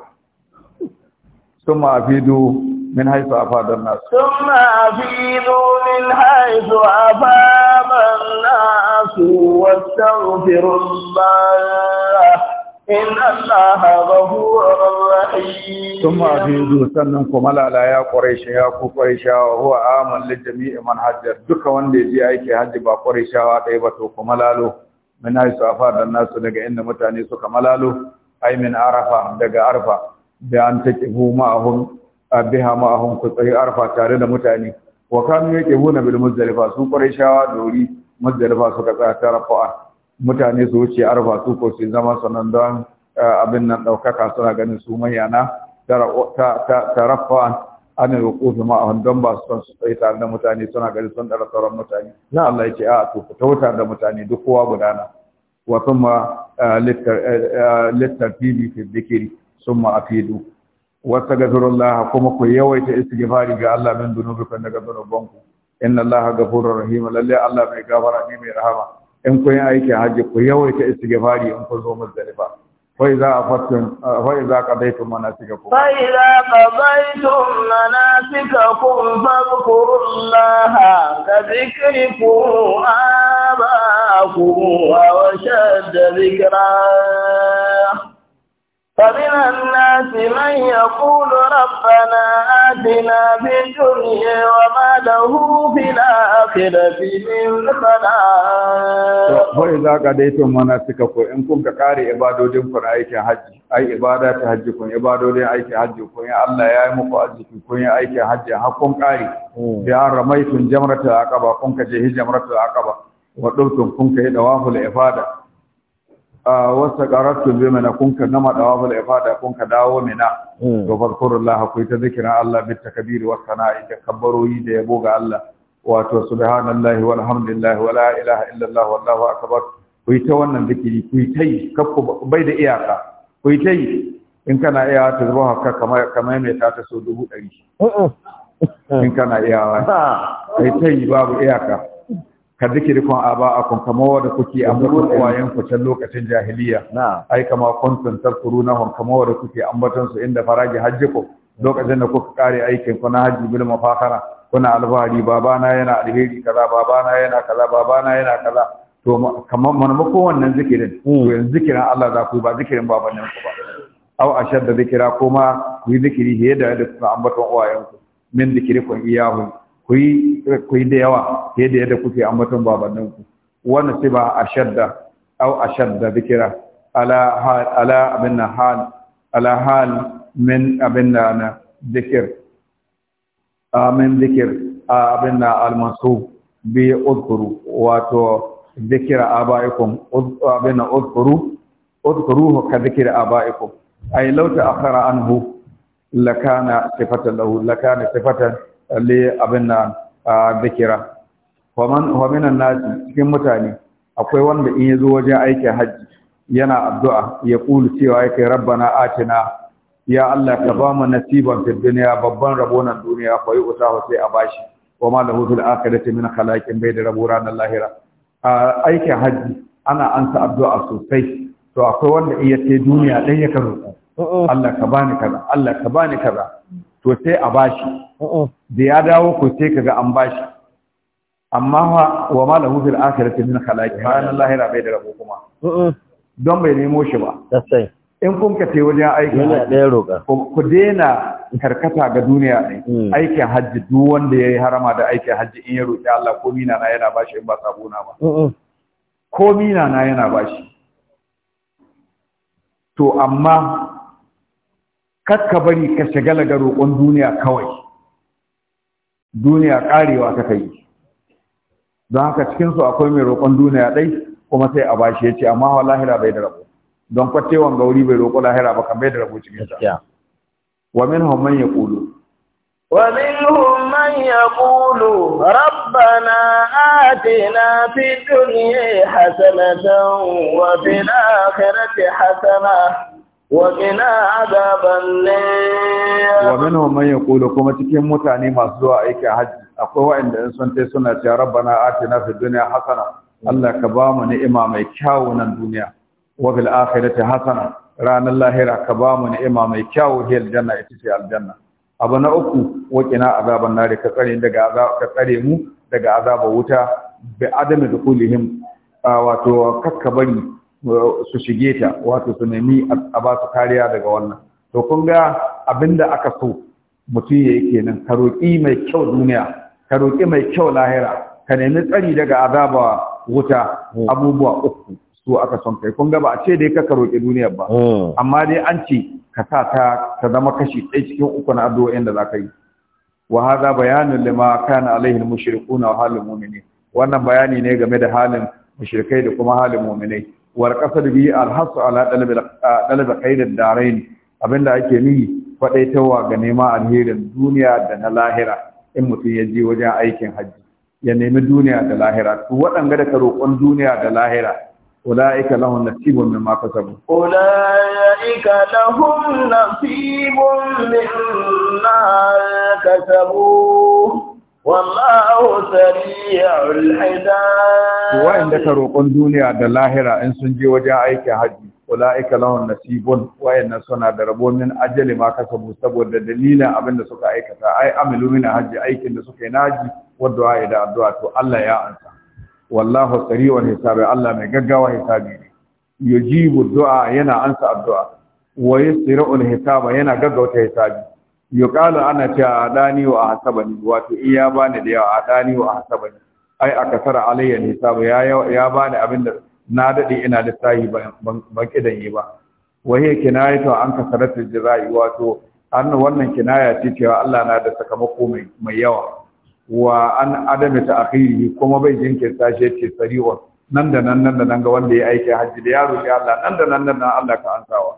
S2: ثم أفيدوا من حيث أفاد الناس
S1: min أفيدوا من حيث أفاد الناس
S2: واستغفروا
S1: الله إن الله غفور رحيم ثم
S2: أفيدوا سنن كما لا لا يا قريش يا قريش وهو آمن للجميع من duka wanda ya je aiki hajji ba Qurayshawa dai ba to kuma lalo min ay safa dan nasu daga inda mutane suka malalo ay min arafa daga arfa da an take huma ahun biha ma ahun ku tare da mutane wa kanu yake huna bil muzdalifa su Qurayshawa dori muzdalifa suka tsaya tarafa mutane su wuce arfa su ko su zama sanan don eh, abin nan ɗaukaka suna ganin su mayana taraffa an rukufu ma a hundun ba su son su tsaye tare da mutane suna ganin sun ɗara sauran mutane na Allah ya ce a to ku tauta da mutane duk kowa gudana wa thumma eh, TV eh, fi a fidu wata wa Laha kuma ku yawaita istighfari ga Allah min kan daga banku inna Allah ghafurur rahim lalle Allah mai gafara ne mai rahama in kun yi aikin hajji ku yawaita istighfari in kun zo muzdalifa فإذا أفضتم فإذا قضيتم مناسككم فإذا
S1: قضيتم مناسككم فاذكروا الله كذكركم آباءكم وأشد ذكرًا فمن الناس من يقول ربنا آتنا في الدنيا وما له في الآخرة من
S2: خلاق فإذا قضيتم مناسككم إن كنت قاري عبادودكم أيك حج أي عبادات حجكم عبادودين أيك حجكم يا الله يا مكو كن يا أيك حج حقكم قاري يا رميتم جمرة العقبة كنك جهي جمرة العقبة وقلتم كنك دوافل إفادة Ah, wasu qaratu bi mana kun ka nama dawaful ifada kun ka dawo mina hmm. to barkurullah ku ta zikira Allah bi takbir wa sana'i da kabbaroyi da yabo ga Allah wato subhanallahi walhamdulillah wala ilaha illallah wallahu akbar ku ta wannan zikiri ku ta yi kakku bai da iyaka ku ta yi in kana iya ta zuba haka kamar kamar mai ta so dubu ɗari in kana iyawa kai ta yi babu iyaka ka zikirkun aba'akum kamar wanda kuke ambaton uwayen ku can lokacin jahiliya ai kama na tadkurunahum kama wanda kuke ambaton su inda faraji ko, lokacin da kuka kare aikin kuna na bil mafakara kuna alfahari babana yana alheri kaza babana yana kaza babana yana kaza to kamar manmako wannan zikirin to hmm. yanzu zikirin Allah za ku ba zikirin babannin ku ba aw ashadda zikira kuma ku yi zikiri fiye da yadda kuka ambaton uwayen ku min zikirikum iyahu ku yi ku da yawa fiye da yadda kuke ambaton babanninku wani ce ba a shadda, au shadda bikira ala abin ala hal ala hal min abin na A min a abin na almasu bi udkuru wato a ba'ikun abin na udkuru udkuruhu ka a dhikra lauta a fara an hu lakana sifatan lahu lakana sifatan li abin nan dhikra wa man wa minan nasi cikin mutane akwai wanda in yazo wajen aikin hajji yana addu'a ya kulu cewa yake rabbana atina ya Allah ka ba mu nasiban fid dunya babban rabo nan duniya fa yi sai a bashi wa ma lahu fil akhirati min khalaqin bai da rabo ranar lahira aikin hajji ana ansa addu'a sosai to akwai wanda in yace duniya dan ya kazo Allah ka bani kaza Allah ka bani kaza to sai a bashi da ya dawo ko sai kaga an bashi amma wa ma lahu fil akhirati min khalaqi ma nan yana bai da rabo kuma don bai nemo shi ba sai in kun ka tai wajen aiki yana ɗaya roƙa ku dena karkata ga duniya ne. Mm. aikin hajji duk wanda ya yi harama da aikin hajji in ya roƙi Allah ko mina na yana bashi in ba na ba ko mina na yana bashi to amma kakka bari ka shagala ga roƙon duniya kawai duniya ƙarewa ta kai don haka cikinsu akwai mai roƙon duniya ɗai kuma sai a bashi ya ce amma wa lahira bai da rabo don kwatewan gauri bai roƙo lahira ba kan bai da rabo cikin sa wa minhum man yaqulu
S1: wa minhum man yaqulu rabbana atina fid dunya hasanatan wa fil akhirati hasanatan وقنا عذاب النار
S2: ومنهم من يقول cikin mutane masu zuwa a hajji akwai wanda in sun tai suna cewa rabbana atina fid dunya hasana Allah ka ba mu ni'ima mai kyawu nan duniya wa bil akhirati hasana ranar lahira ka ba mu ni'ima mai kyau hil janna ita ce aljanna abu na uku waqina azaban nari ka tsare daga azab ka tsare mu daga azabar wuta bi adami dukulihim wato kakkabari su shige ta wato su nemi a ba su kariya daga wannan to kun ga da aka so mutum ya yi kenan ka roƙi mai kyau duniya ka roƙi mai kyau lahira ka nemi tsari daga azaba wuta hmm. abubuwa uku su aka son kai kun ga ba a ce dai ka ka roƙi duniya ba hmm. amma dai an ce ka sa ta ka zama kashi ɗaya cikin uku na addu'o'in da za ka yi wa hadha bayanun lima kana alaihi al-mushrikuuna wa halin mu'minin wannan bayani ne game da halin mushrikai da kuma halin mu'minai war qasad bi al hasu ala dalab da abinda ake nihi faɗaitawa ga nema alherin duniya da na lahira in mutum ya je wajen aikin hajji, ya nemi duniya da lahira to waɗanga da roƙon duniya da lahira أولئك لهم نصيب مما كسبوا
S1: أولئك لهم نصيب مما كسبوا wallahu
S2: ka roƙon duniya da lahira in sun je wajen aikin haji ulaika lahum nasibun wa'annan suna da rabo min ajali ma kasabu saboda dalilin abin da suka aikata ai amilu mina haji aikin da suka yi na haji wadda da addu'a to Allah ya ansa wallahu sari'ul hisabi, Allah mai gaggawa hisabi ne bu du'a yana ansa addu'a wa yusri'ul hisaba yana gaggauta hisabi yuqalu ana ta adani wa hasabani wato in ya bani da yawa adani wa hasabani ai tara alayya hisabu ya ya bani abin da na dade ina da sahi ban kidan yi ba wa hiya kinayatu an kasaratu jira'i wato an wannan kinaya ce cewa Allah na da sakamako mai mai yawa wa an adami ta akhiri kuma bai jinkirta shi ce sariwa nan da nan nan da nan ga wanda ya aike hajji da yaro ya Allah nan da nan nan Allah ka ansawa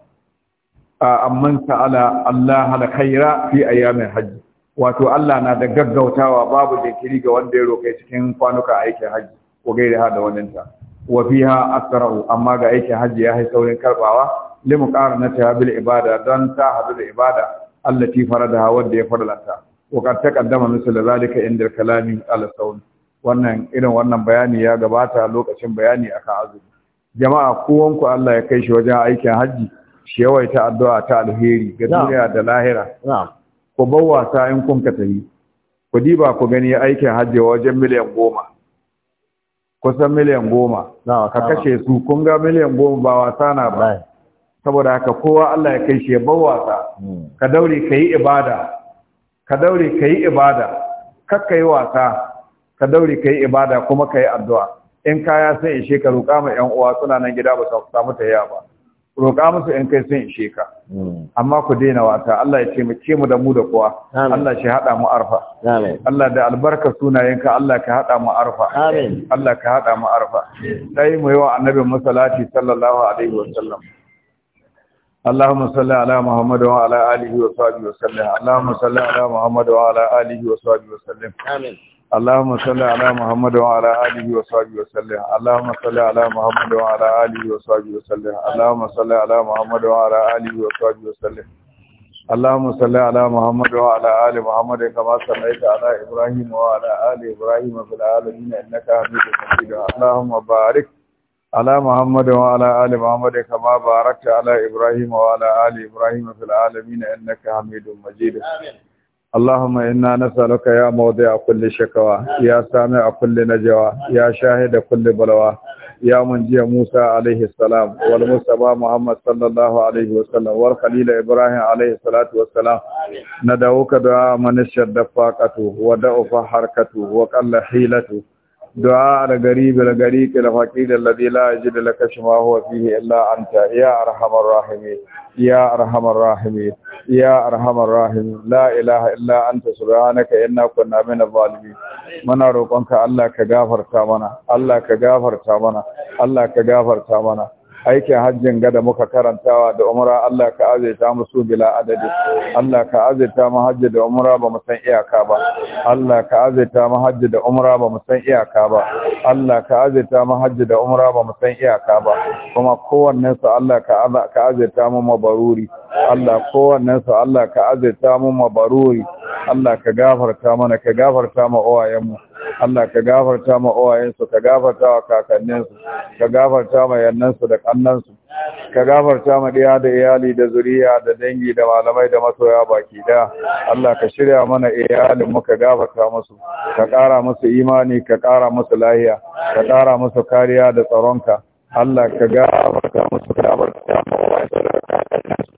S2: amman sa'ala Allah la khaira fi ayyamin hajji wato Allah na da gaggautawa babu jinkiri ga wanda ya roƙe cikin kwanuka aikin hajji ko gairi da wannan ta wa fiha asra'u amma ga aikin hajji ya hai saurin karbawa li muqaranata bil ibada dan ta hadu da ibada da faradaha wanda ya farlanta wa ta taqaddama misal zalika inda kalami ala sawl wannan irin wannan bayani ya gabata lokacin bayani akan azumi jama'a kowanku Allah ya kai shi wajen aikin hajji shi yawaita addu'a ta alheri ga duniya da lahira ku bar wasa in kun ka tafi ku diba ku gani aikin hajji wajen miliyan goma kusan miliyan goma ka kashe su kun ga miliyan goma ba wasa na ba saboda haka kowa Allah ya kai shi ya bar wasa hmm. ka daure ka yi ibada ka daure ka yi ibada ka yi wasa ka daure ka yi ibada kuma ka yi addu'a in kaya sai ishe ka roƙa ma 'yan uwa suna nan gida ba su samu ta ba roƙa musu in kai sun ishe ka hmm. amma ku daina wata Allah ya ce mu da mu da kowa Allah shi hada mu arfa Allah da albarka sunayenka Allah ka hada mu arfa Amin. Allah ka hada mu arfa sai mu yi wa annabi musallati sallallahu alaihi wa sallam. اللهم صل على محمد وعلى اله وصحبه وسلم اللهم صل على محمد وعلى اله وصحبه وسلم امين اللهم صل على محمد وعلى اله وصحبه وسلم اللهم صل على محمد وعلى اله وصحبه وسلم اللهم صل على محمد وعلى اله وصحبه وسلم اللهم صل على محمد وعلى اله محمد كما صليت على ابراهيم وعلى اله ابراهيم في العالمين انك حميد مجيد اللهم بارك على محمد وعلى اله محمد كما باركت على ابراهيم وعلى اله ابراهيم في العالمين انك حميد مجيد امين اللهم إنا نسألك يا موضع كل شكوى يا سامع كل نجوى يا شاهد كل بلوى يا منجي موسى عليه السلام والمصطفى محمد صلى الله عليه وسلم والخليل إبراهيم عليه الصلاة والسلام ندعوك دعاء من الشد فاقته ودعف وقل حيلته دعاء الغريب الغريب الفقير الذي لا يجد لك شما هو فيه إلا أنت يا أرحم الراحمين يا أرحم الراحمين يا أرحم الراحمين لا إله إلا أنت سبحانك إنا كنا من الظالمين muna roƙonka Allah ka gafarta mana Allah ka gafarta mana Allah ka gafarta mana aikin hajjin gada muka karantawa da umra Allah ka azaita mu su bila adadi Allah ka azaita mu hajji da umra ba mu san iyaka ba Allah ka azaita mu hajji da umra ba mu san iyaka ba Allah ka azaita mu hajji da umra ba mu san iyaka ba kuma kowanne su Allah ka ka azaita mu mabaruri Allah kowanne su Allah ka azaita mu mabaruri Allah ka gafarta mana ka gafarta ma uwayenmu Allah ka gafarta ma uwayensu ka gafarta wa kakanninsu ka gafarta ma yannansu da kannansu ka gafarta ma diya da iyali da zuriya da dangi da malamai da masoya baki Da Allah ka shirya mana iyalin mu ka gafarta musu ka ƙara musu imani ka ƙara musu lahiya ka ƙara musu kariya da tsaronka Allah ka gafarta musu gafarta ma uwayensu da kakanninsu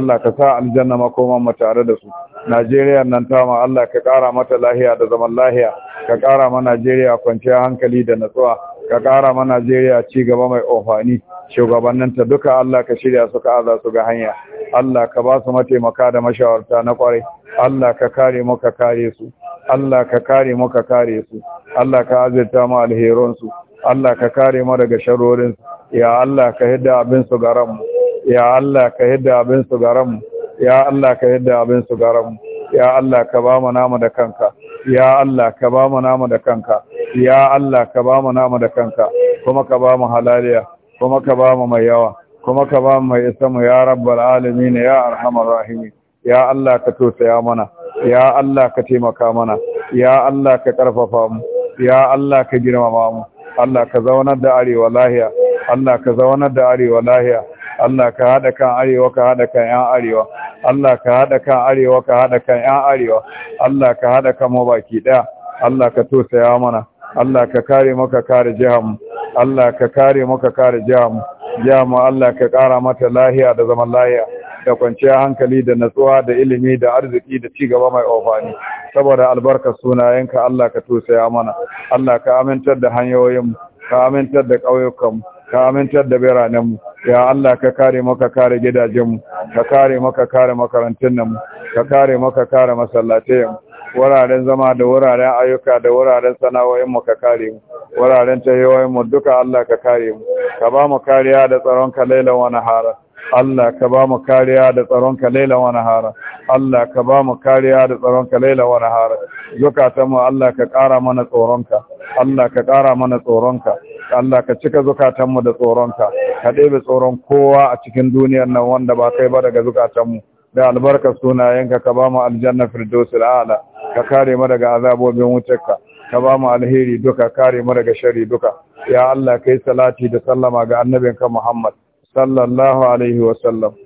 S2: Allah ka sa aljanna makoman mu tare da su Najeriya nan ta ma Allah ka kara mata lahiya da zaman lahiya ka kara ma Najeriya kwanciyar hankali da natsuwa ka kara ma Najeriya ci gaba mai ofani shugabanninta duka Allah ka shirya su ka aza ga hanya Allah ka ba su mataimaka da mashawarta na kware. Allah ka kare mu ka kare su Allah ka kare mu ka kare su Allah ka azirta mu alheron su Allah ka kare mu daga sharorin ya Allah ka hidda abin su garan mu ya Allah ka yadda abin su garan ya Allah ka yadda abin su garan ya Allah ka ba mu nama da kanka ya Allah ka ba mu nama da kanka ya Allah ka ba mu nama da kanka kuma ka ba mu halaliya kuma ka ba mu mai yawa kuma ka ba mu mai isa mu ya rabbal alamin ya arhamar rahimin ya Allah ka tosaya mana ya Allah ka taimaka mana ya Allah ka karfafa mu ya Allah ka girmama mu Allah ka zaunar da arewa lahiya Allah ka zaunar da arewa lahiya Allah ka hada kan arewa ka hada kan yan arewa Allah ka hada kan arewa ka hada kan yan arewa Allah ka hada kan mu baki daya Allah ka tosaya mana Allah ka kare maka kare jiham Allah ka kare maka kare jiham jiham Allah ka kara mata lahiya da zaman lahiya da kwanciyar hankali da natsuwa da ilimi da arziki da ci gaba mai amfani saboda albarkar sunayenka Allah ka tosaya mana Allah ka amintar da hanyoyin ka amintar da ƙauyukan ka amintar da biranenmu ya Allah ka kare maka kare gidajenmu ka kare maka kare makarantun nan ka kare maka kare masallatayenmu wuraren zama da wuraren ayyuka da wuraren sana'o'inmu ka kare mu wuraren tayoyinmu duka Allah ka kare mu ka ba mu kariya da tsaron ka lailan wa nahara Allah ka ba mu kariya da tsaronka lailan wa nahara Allah ka ba mu kariya da tsaronka lailan wa nahara zukatanmu Allah ka ƙara mana tsoronka Allah ka ƙara mana tsoronka Allah ka cika zukatanmu da tsoronka ka ɗebe tsoron kowa a cikin duniyar nan wanda ba kai ba daga zukatanmu da albarkar sunayenka ka ba mu aljanna firdausi a'la ka kare mu daga azabobin wutarka ka ba mu alheri duka kare mu daga shari duka ya Allah kai salati da sallama ga annabinka Muhammad sallallahu alaihi wa sallam